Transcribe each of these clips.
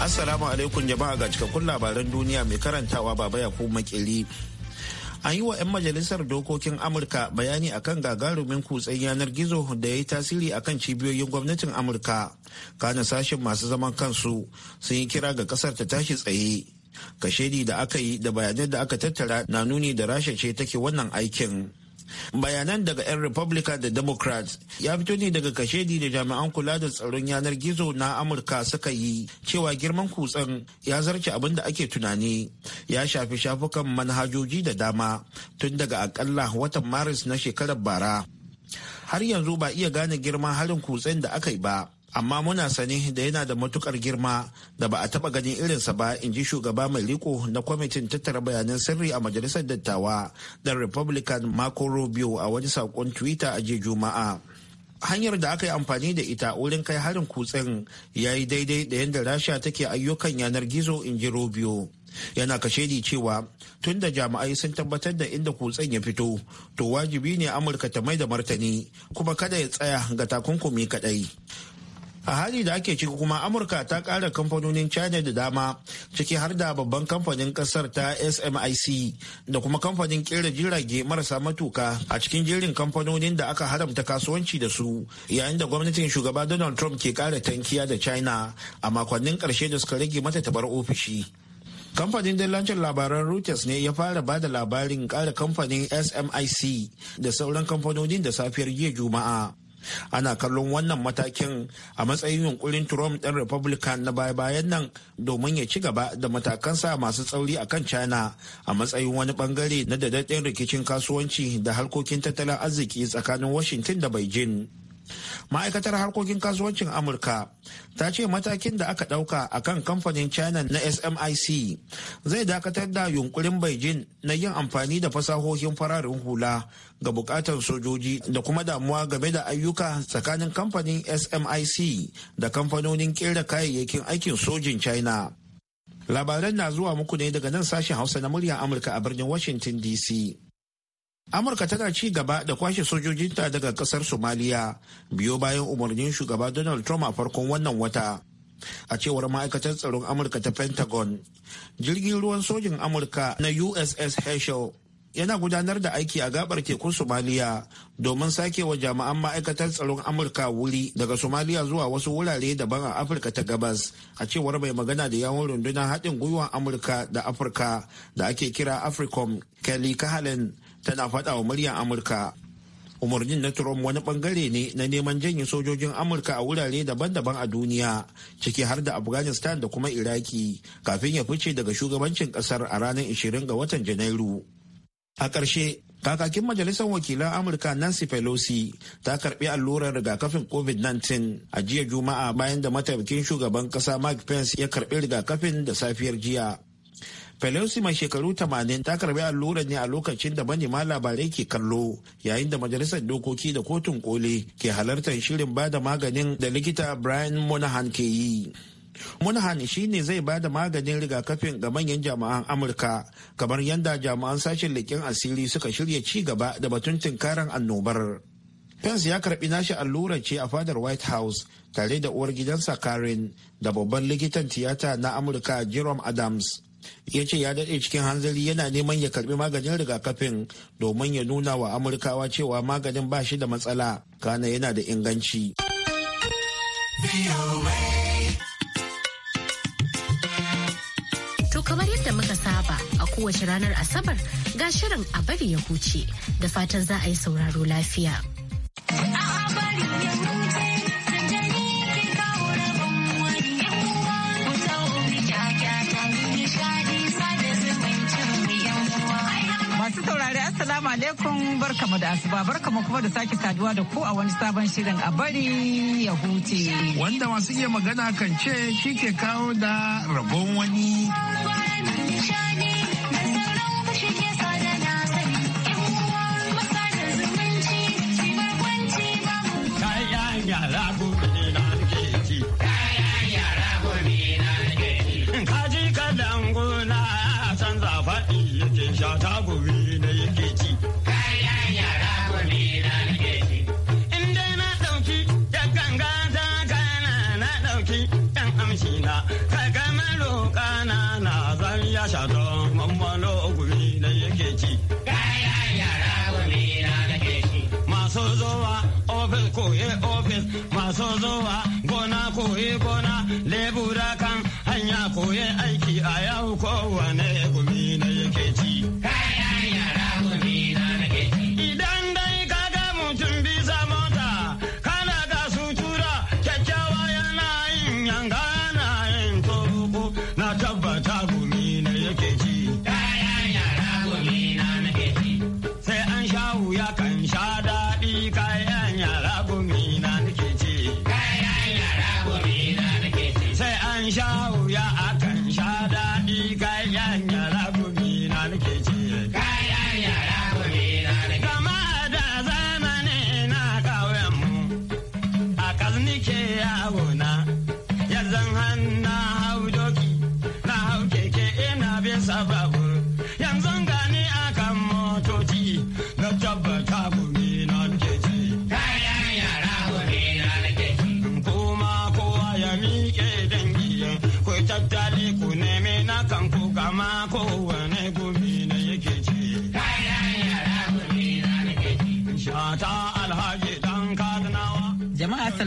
Assalamu alaikum jama'a ga cikakkun labaran duniya mai karantawa baba Yakubu Makili. An yi wa 'yan majalisar dokokin Amurka bayani akan gagarumin kutsen yanar gizo da ya yi tasiri akan cibiyoyin gwamnatin Amurka. Kana sashen masu zaman kansu sun yi kira ga kasar ta tashi tsaye. Kashedi da aka yi da bayanai da aka tattara na nuni da rasha ce take wannan aikin. bayanan daga 'yan republican da democrats ya fito ne daga kashedi da jami'an kula da tsaron yanar gizo na amurka suka yi cewa girman kutsen ya zarce abin da ake tunani ya shafi shafukan manhajoji da dama tun daga akalla watan maris na shekarar bara har yanzu ba iya gane girman harin kutsen da aka yi ba amma muna sani da yana da matukar girma da ba a taba ganin irinsa ba in ji shugaba mai riko na kwamitin tattara bayanan sirri a majalisar dattawa da republican marco rubio a wani saƙon twitter a jiya juma'a hanyar da aka yi amfani da ita wurin kai harin kutsen ya yi daidai da yadda rasha take ayyukan yanar gizo in ji rubio yana kashe ni cewa tun da jami'ai sun tabbatar da inda kutsen ya fito to wajibi ne amurka ta mai da martani kuma kada ya tsaya ga takunkumi kadai a hali da ake ciki kuma amurka ta kara kamfanonin china da dama ciki har da babban kamfanin kasar ta smic da kuma kamfanin kera jirage marasa matuka a cikin jerin kamfanonin da aka haramta kasuwanci da su yayin da gwamnatin shugaba donald trump ke kara tankiya da china a makonnin karshe da suka rage mata tabar ofishi kamfanin dillancin labaran reuters ne ya fara ba da labarin kara kamfanin smic da sauran kamfanonin da safiyar jiya juma'a ana kallon wannan matakin a matsayin yunkurin trump ɗan republican na baya-bayan nan domin ya ci gaba da matakansa masu tsauri a kan china a matsayin wani bangare na dadaɗin rikicin kasuwanci da harkokin tattalin arziki tsakanin washington da beijing ma'aikatar harkokin kasuwancin amurka ta ce matakin da aka ɗauka a kan kamfanin china na smic zai dakatar da yunkurin beijing na yin amfani da fasahohin fararen hula ga bukatar sojoji da kuma damuwa game da ayyuka tsakanin kamfanin smic da kamfanonin kera kayayyakin aikin sojin china labaran na zuwa muku ne daga nan sashen hausa na muryar amurka a birnin washington dc amurka tana ci gaba da kwashe sojojinta daga kasar somaliya biyo bayan umarnin shugaba donald trump a farkon wannan wata a cewar ma'aikatar tsaron amurka ta pentagon jirgin ruwan sojin amurka na uss herschel yana gudanar da aiki a gabar tekun somaliya domin sake wa jami'an ma'aikatar tsaron amurka wuri daga somaliya zuwa wasu wurare daban a afirka ta gabas a cewar mai magana da yawon rundunar haɗin gwiwar amurka da afirka da ake kira africom kelly kahalen tana faɗa wa muryar amurka umarnin na trump wani bangare ne na neman janye sojojin amurka a wurare daban-daban a duniya ciki har da afghanistan da kuma iraki kafin ya fice daga shugabancin kasar a ranar 20 ga watan janairu a ƙarshe kakakin majalisar wakilan amurka nancy pelosi ta karbi allurar rigakafin covid-19 a jiya juma'a bayan da mataimakin shugaban kasa mike pence ya karbi rigakafin da safiyar jiya Pelosi mai shekaru 80 ta karbi allurar ne a lokacin da manema labarai ke kallo yayin da majalisar dokoki da kotun koli ke halartar shirin bada maganin da likita Brian Monahan ke yi. Monahan shi ne zai bada maganin rigakafin ga manyan jami'an Amurka kamar yadda jami'an sashen leƙen asiri suka shirya ci gaba da batun tunkarar annobar. Pence ya karbi nashi allurar ce a fadar White House tare da uwar gidansa Karen da babban likitan tiyata na Amurka Jerome Adams. ya ce ya daɗe cikin hanzari yana neman ya karbi maganin rigakafin domin ya nuna wa amurkawa cewa maganin ba shi da matsala kana yana da inganci To kamar yadda muka saba a kowace ranar asabar ga shirin a bari ya huce da fatan za a yi sauraro lafiya. A bari ya huce. saurari assalamu alaikum barkamu da asuba barkamu kuma da sake saduwa da ku a wani sabon shirin a bari ya huce. Wanda masu iya magana kan ce shi ke kawo da rabon wani. Yara gobe na canza faɗi ta gobe. kamshi na kai na zan ya shato mamalo gumi da yake ci kaya yara gumi na nake zowa ofis koye ofis masu zowa gona koye gona lebura kan hanya koye aiki a yau kowane gumi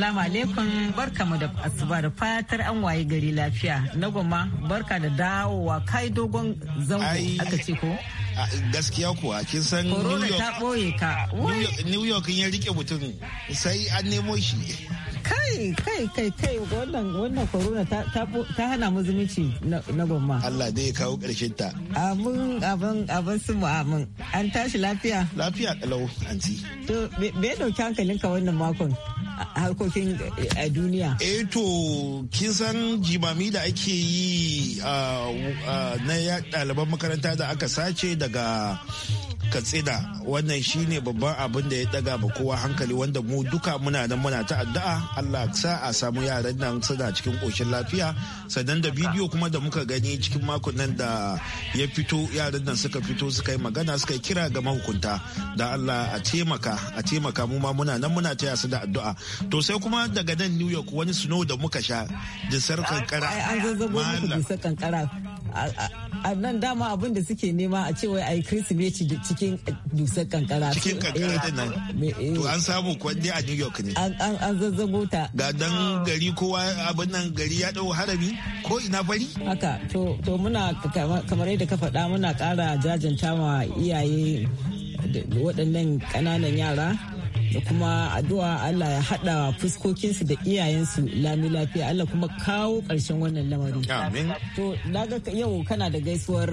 Assalamu alaikum barkamu da asuba da fatar an waye gari lafiya. Na goma barka da dawowa kai dogon zango aka ce ko? Gaskiya kuwa kin san New York. ta ka. New York ya rike mutum sai an nemo shi. kai kai kai kai wannan wannan corona ta hana mu zumunci na gomma Allah dai ya kawo karshen ta amin abin abin su mu amin an tashi lafiya lafiya kalau anti to me ya dauki ka wannan makon harkokin eh, a duniya eh to kin san jimami da ake yi na ɗaliban makaranta da aka sace daga katsina wannan shine babban abin da ya daga ba kowa hankali wanda mu duka muna nan muna ta addu'a Allah sa a samu yaran nan suna cikin koshin lafiya sannan da bidiyo kuma da muka gani cikin makon nan da ya fito yaran nan suka fito suka yi magana suka kira ga mahukunta da Allah a taimaka a taimaka mu ma muna nan muna taya su da addu'a to sai kuma daga nan New York wani snow da muka sha disar kankara an zazzabo muku disar kankara a nan dama abin da suke nema a ce wai yi kirsimeti cikin cikin eh, dusar kankara cikin kankara eh, din nan eh. to an samu kwande a new york ne an zazzago ta ga dan gari kowa abin nan gari ya dau harami ko ina fari haka to to muna kamar yadda ka faɗa muna ƙara jajanta ma iyaye waɗannan ƙananan yara da kuma addu'a Allah ya haɗa fuskokinsu da iyayensu lami lafiya Allah kuma kawo ƙarshen wannan lamarin. To, na ga yau kana da gaisuwar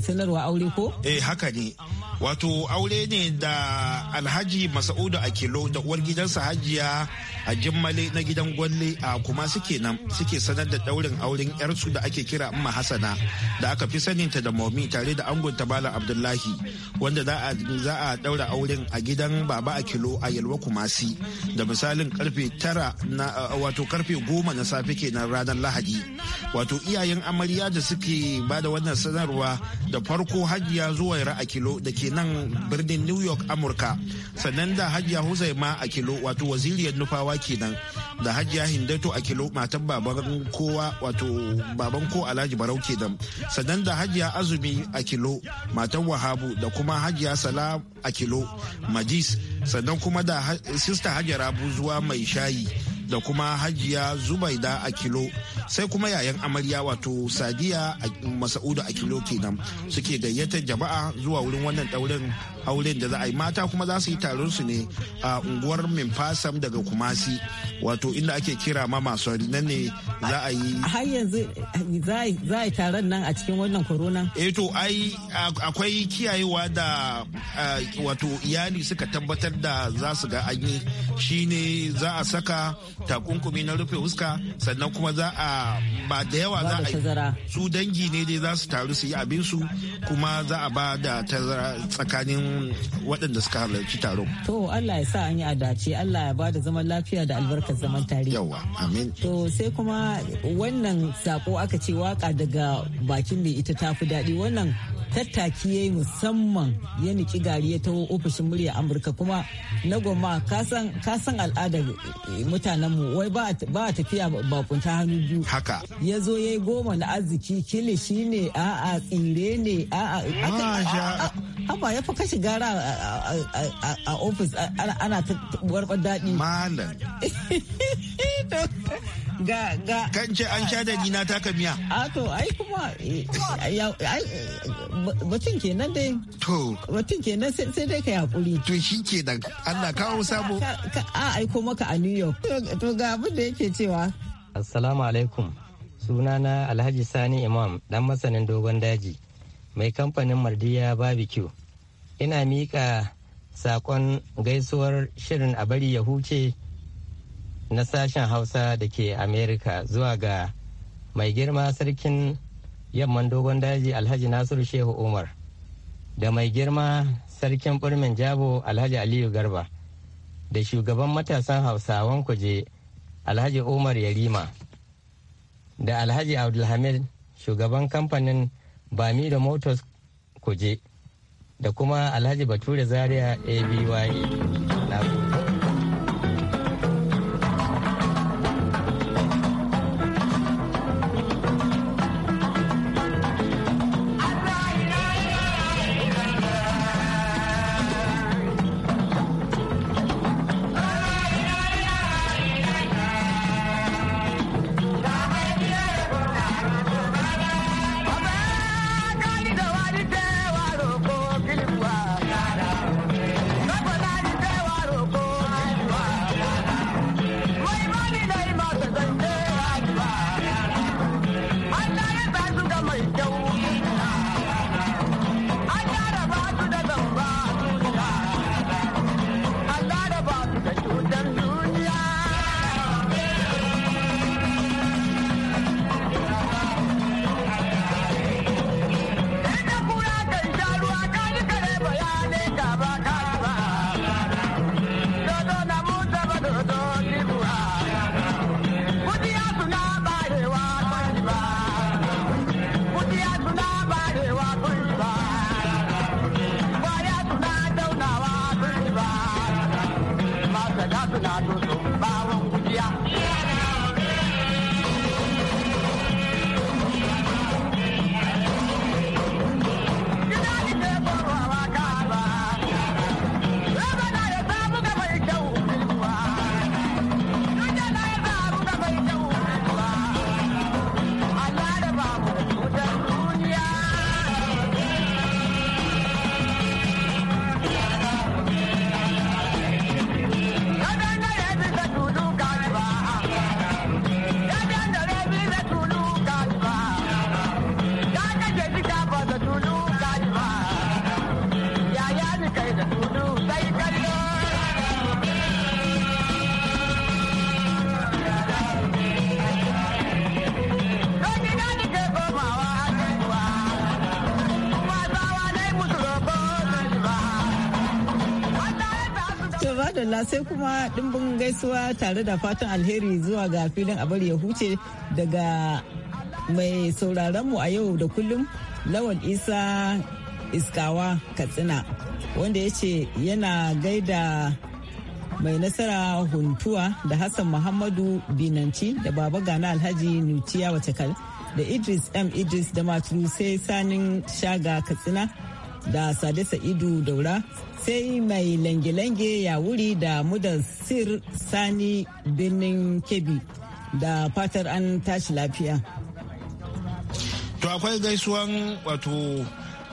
sanarwa aure ko? Eh haka ne. Wato aure ne da Alhaji Masa'udu Akilo da uwar gidansa Hajiya a Jimmale na gidan Gwalle a kuma suke nan suke sanar da daurin auren yarsu da ake kira Umma hasana da aka fi saninta da Momi tare da angon Tabala Abdullahi wanda za a daura auren a gidan Baba Akilo a Yalwa Kumasi da misalin karfe tara na wato karfe goma na safe kenan ranar Lahadi. Wato iyayen amarya da suke bada wannan sanarwa da farko hajiya zuwaira a kilo da ke nan birnin new york amurka sannan da hajiya huzaima a kilo wato waziriyar nufawa kenan da hajiya hindato a kilo matan baban kowa wato baban ko alhaji barau kenan sannan da hajiya azumi a kilo matan wahabu da kuma hajiya sala a kilo majis sannan kuma da sista hajara zuwa mai shayi da kuma hajiya zubaida a kilo sai kuma yayan amarya wato sadiya masa'udu a kilo kenan suke gayyatar jama'a zuwa wurin wannan daurin auren da za a yi mata kuma za su yi taron su ne a unguwar mimfasam daga kumasi wato inda ake kira ma masu nan ne za a yi har yanzu za a yi taron nan a cikin wannan corona eh to ai akwai kiyayewa da wato iyali suka tabbatar da za su ga an yi shine za a saka takunkumi na rufe huska sannan kuma za a ba da yawa za a yi su dangi ne dai za su taru su yi abin su kuma za a ba da tazara tsakanin waɗanda suka halarci taron. To Allah ya sa an yi adace Allah ya bada zaman lafiya da albarkar zaman tare. Yawa amin. To sai kuma wannan sako aka ce waka daga bakin da ita tafi daɗi wannan tattaki ya yi musamman ya niki gari ya taho ofishin murya amurka kuma na goma kasan al'adar eh, mutanenmu wai ba a tafiya bakunta hannu biyu haka ya zo ya yi goma na arziki kilishi ne ah, a a tsire ne a a haba ya kashi gara a ofis ana ta daɗi malam ga ga kan ce an sha da ni na miya a to ai kuma eh, ai batun kenan dai to mutum kenan sai dai ka yakuri to shi ke da Allah kawo sabo a aiko maka a New York to ga abin da yake cewa assalamu alaikum sunana alhaji sani imam dan masanin dogon daji mai kamfanin mardiya barbecue ina miƙa saƙon gaisuwar shirin a bari ya huce na sashen hausa da ke america zuwa ga mai girma sarkin yamman dogon daji alhaji nasiru shehu umar da mai girma sarkin birnin jabo alhaji aliyu garba da shugaban matasan hausawan kuje alhaji umar yarima da alhaji abdulhamid shugaban kamfanin bami da motors kuje da kuma alhaji bature zaria aby To madalla sai kuma dimbin gaisuwa tare da fatan alheri zuwa ga filin abar ya huce daga mai sauraronmu a yau da kullum lawal isa iskawa katsina wanda ya ce yana gaida mai nasara huntuwa da hassan muhammadu binanci da baba gana alhaji nuciya wacekal da idris m idris da matru sai sanin shaga katsina da Sade Sa'idu Daura sai mai lange-lange ya wuri da sir Sani birnin kebi da fatar an tashi lafiya. To akwai gaisuwan wato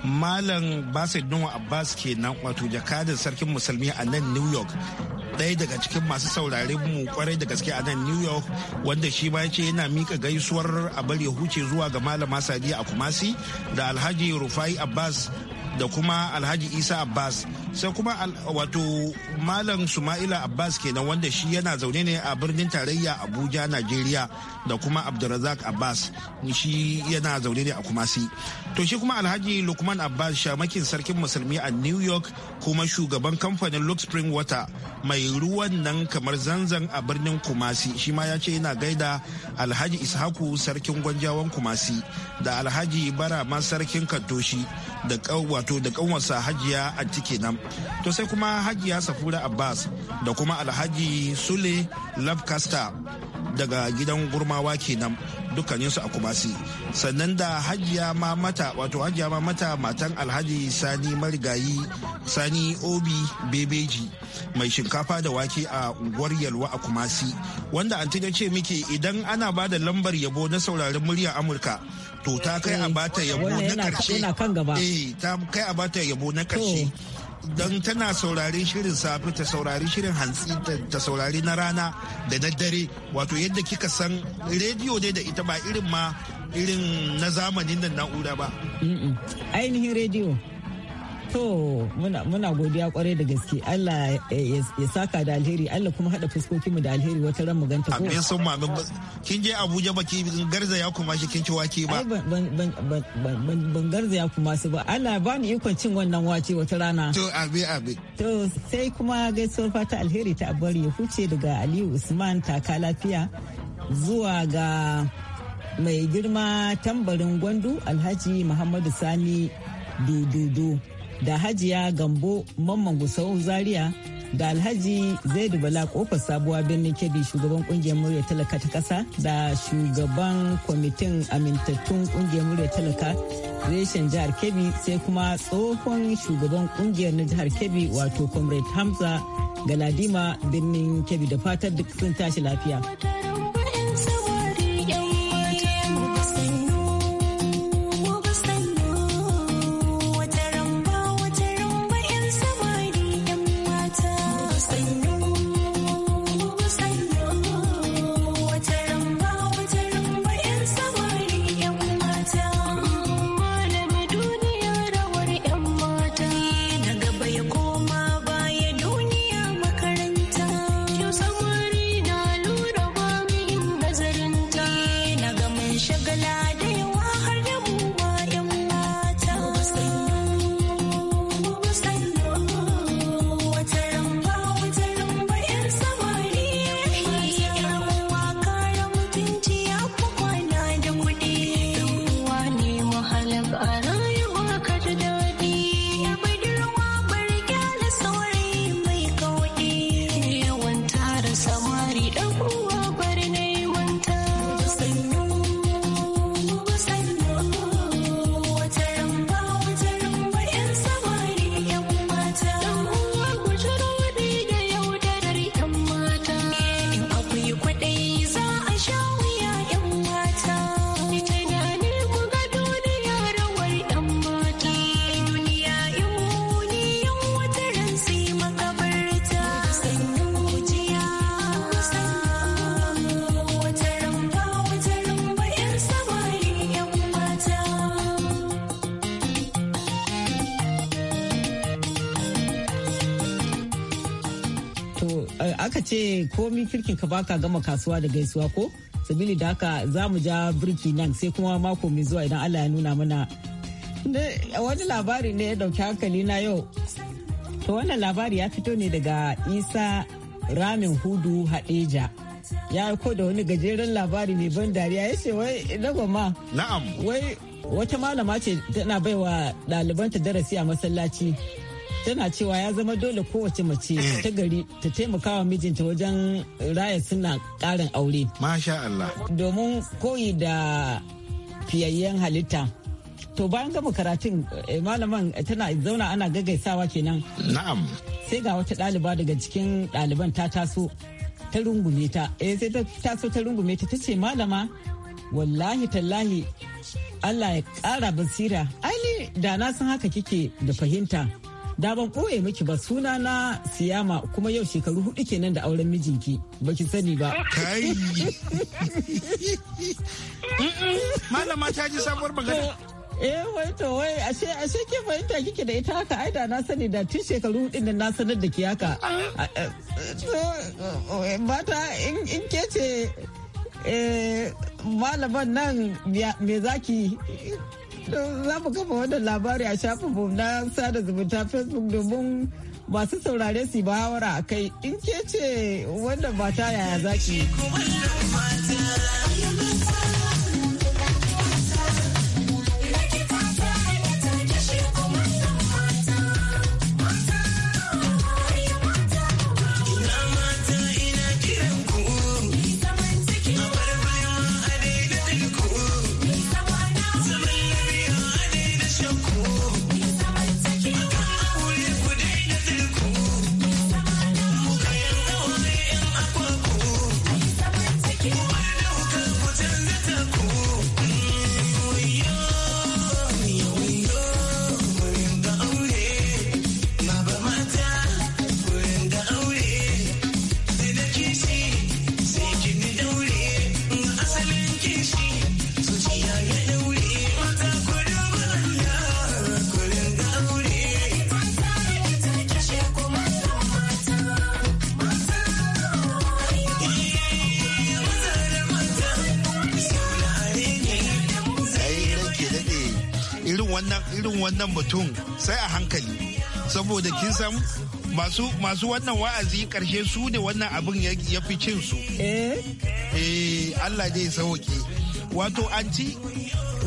Malam Basit Nuhu Abbas kenan wato jakadin sarkin musulmi a nan New York ɗaya daga cikin masu saurare mu kwarai da gaske a nan new york wanda shi ma ce yana mika gaisuwar a bari huce zuwa ga malama sadiya a kumasi da alhaji rufai abbas da kuma alhaji isa abbas sai kuma wato malam suma'ila abbas kenan wanda shi yana zaune ne a birnin tarayya abuja nigeria da kuma abdulrazak abbas shi yana zaune ne a kumasi to shi kuma alhaji lukman abbas shamakin sarkin musulmi a new york kuma shugaban kamfanin lux spring water mai ruwan nan kamar zanzan a birnin kumasi shi ma ya ce yana gaida alhaji ishaku sarkin gwanjawan kumasi da alhaji barama sarkin katoshi da wato da kanwarsa hajiya a kenan to sai kuma hajiya safura abbas da kuma alhaji sule lafkasta daga gidan gurmawa kenan dukkaninsu a kumasi sannan da hajiya ma mata wato hajiya ma mata matan alhaji sani marigayi sani obi bebeji mai shinkafa da wake a unguwar yalwa a kumasi wanda an ya ce miki idan ana ba da lambar yabo na sauraron murya amurka to ta kai a bata eh, yabo na karshe ta kai a bata yabo na karshe don tana saurari shirin safe ta saurari shirin hantsi ta saurari na rana da na dare wato yadda kika san rediyo dai da ita ba irin ma irin na zamanin da na'ura ba ainihin rediyo To muna godiya kwarai da gaske Allah ya saka da alheri Allah kuma haɗa fuskoki mu da alheri wata ran mu ganta ko. Amin sun mamin kin je Abuja ba ki garzaya kuma shi kin ci wake ba. Ban garzaya kuma su ba Allah ba ni ikon cin wannan wace wata rana. To abi abi. To sai kuma gaisuwar fata alheri ta abari ya huce daga Aliyu Usman taka lafiya zuwa ga mai girma tambarin gwandu Alhaji Muhammadu Sani Dududu. da hajiya gambo mamman gusau zaria da alhaji zaidu bala kofar sabuwa birnin kebbi shugaban kungiyar murya talaka ta kasa da shugaban kwamitin amintattun kungiyar murya talaka reshen jihar kebbi sai kuma tsohon shugaban kungiyar na jihar kebbi wato comrade hamza galadima birnin kebbi da fatar duk sun tashi lafiya Eh, aka ce komi kirkin ka baka gama kasuwa da gaisuwa ko sabili da haka za mu ja birki nan sai kuma mako mai zuwa idan allah ya nuna mana wani labari ne ya dauki hankali na yau to wannan labari ya fito ne daga isa ramin hudu hadeja ya ko da wani gajeren labari mai ban dariya ya ce wai nagoma na'am wai wata malama ce tana baiwa ɗalibanta darasi a masallaci tana cewa ya zama dole kowace mace mm. ta gari ta taimaka wa mijinta wajen raya suna karin aure. Masha Allah. Domin koyi da fiyayyen halitta. To bayan gama karatun eh, malaman tana zauna ana gagaisawa kenan. Na'am. Sai ga wata ɗaliba daga cikin ɗaliban ta taso ta rungume ta. Eh sai ta taso ta rungume ta ta ce malama wallahi tallahi Allah ya ƙara basira. Ai ni da na san haka kike da fahimta. da ban koye miki ba suna na siyama kuma yau shekaru hudu kenan da auren mijinki ba ki sani ba kai malama ta ji sabuwar magana eh wai to wai ashe ashe ke fahimta kike da ita haka ai da na sani da tun shekaru hudu da na sanar da ke haka ah. eh, eh, mata in ke ce eh, malaman nan me zaki za mu kafa wannan labari a shafin shafinmu na sada zumunta facebook domin masu saurare su muhawara a kai in ke ce wannan mata yaya zaki. wannan mutum sai a hankali saboda kin san masu masu wannan wa'azi karshe su da wannan abin ya fi cin su eh, eh Allah zai sauke wato an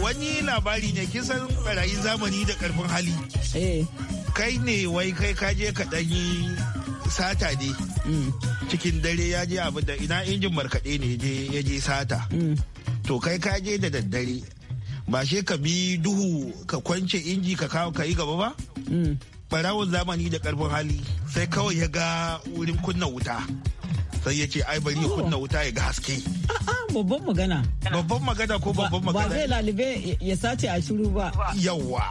wani labari ne kisan barayin zamani da karfin hali eh. kai ne wai kai kaje ka yi sata ne mm. cikin dare ya je abin da ina injin markaɗe ne ya je sata mm. to kai kaje da daddare ba she ka bi duhu ka kwance inji ka kawo ka yi gaba ba mm. barawon zamani da karfin hali sai kawai ya ga wurin kunna wuta sai ya ce ai bari kunna wuta ya ga haske babban magana babban magana ko babban magana ba zai lalibe ya sace a shiru ba yawa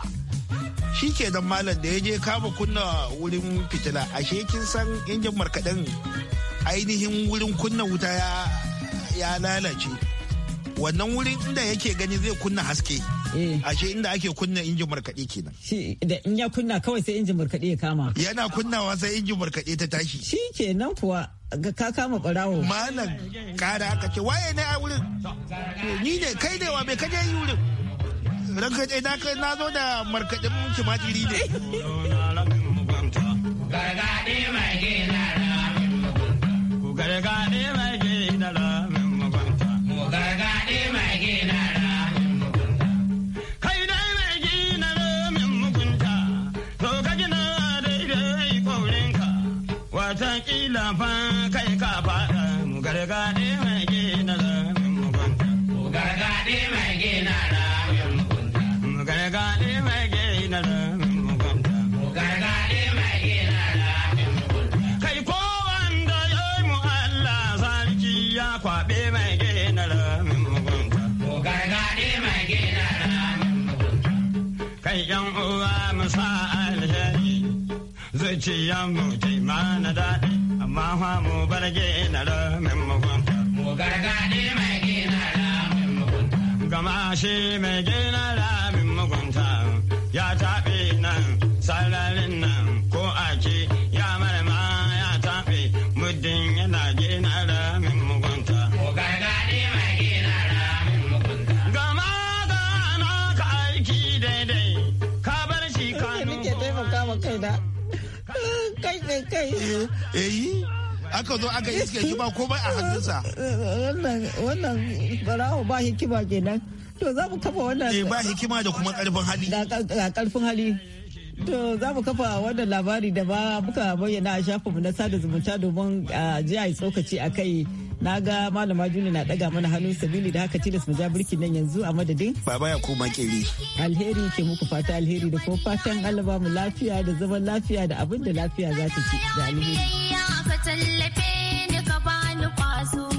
shi ke dan malam da ya je kama kunna wurin fitila ashe kin san injin markaɗen ainihin wurin kunna wuta ya lalace wannan wurin inda yake gani zai kunna haske eh. ashe inda ake kunna injin markaɗe kenan shi da in ya kunna kawai sai injin markaɗe ya kama yana kunnawa sai injin markaɗe ta tashi shi kenan kuwa ga ka kama barawo malam kada aka ce waye ne a wurin ni ne kai ne wa me kaje yi wurin ranka dai na kai na zo da markaɗin tumatiri ne gargaɗe mai gina gargaɗe mai sa alheri zuciya mu taima na daɗi amma fa mu gina na min mugunta. Mu gargaɗi mai gina min mugunta. Gama shi mai gina min mugunta ya taɓe nan sararin nan eh aka zo aka iske shi ba komai a hannunsa wannan barawo ba hikima kenan to za mu kafa wannan eh ba hikima da kuma karfin hali da karfin hali To za mu kafa wannan labari da ba muka bayyana a shafinmu na sada zumunta domin a ah, ji a yi tsokaci a kai na ga malama juni na daga mana hannu sabili da haka tilas mu ja birki nan yanzu a madadin baba ya koma kiri alheri ke muku fata alheri da ko fatan Allah ba mu lafiya da zaman lafiya da abin da lafiya za ta ci da alheri ka tallafe ni ka bani kwazo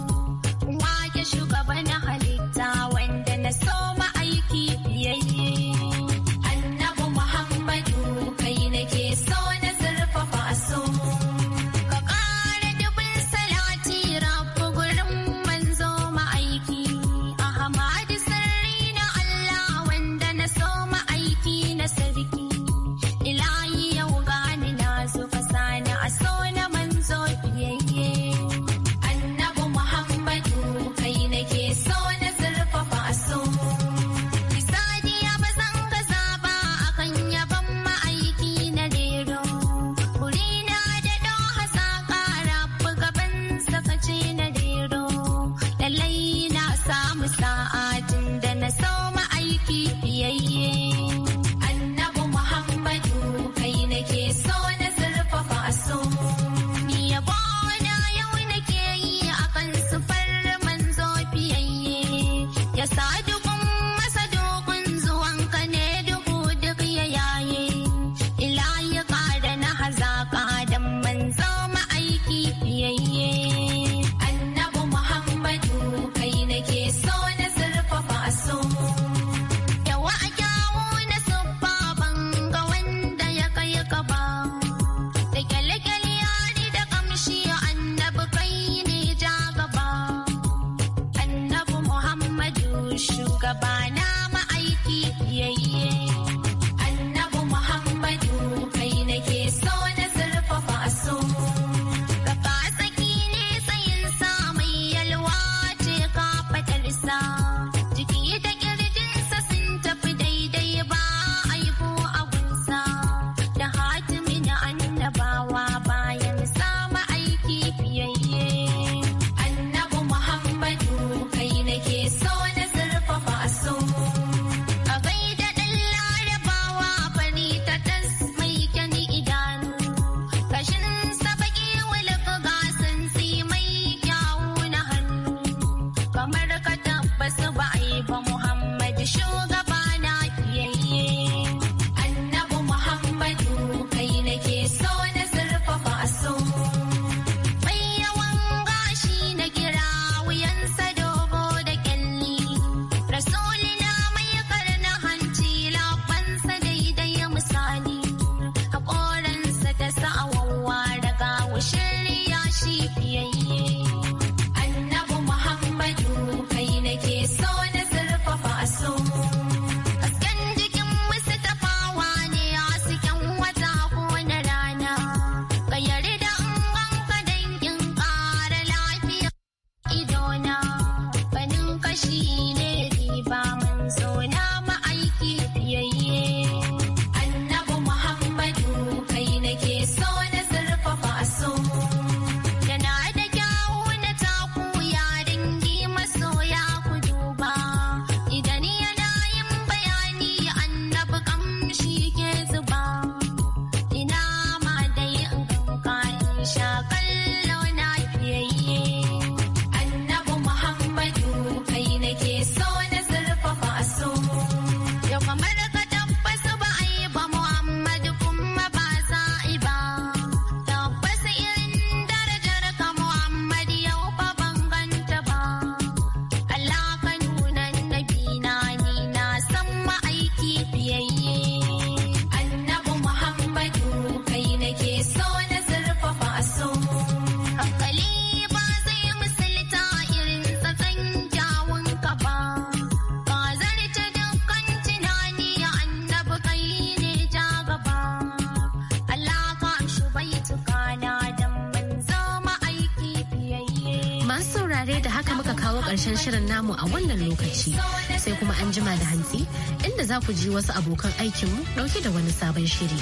lokaci sai kuma an jima da hantsi inda za ku ji wasu abokan aikinmu dauke da wani sabon shiri.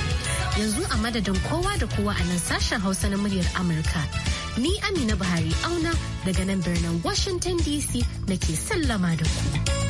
Yanzu a madadin kowa da kowa a nan sashen Hausa na muryar Amurka. Ni Amina Buhari auna daga nan birnin Washington DC ke sallama da ku.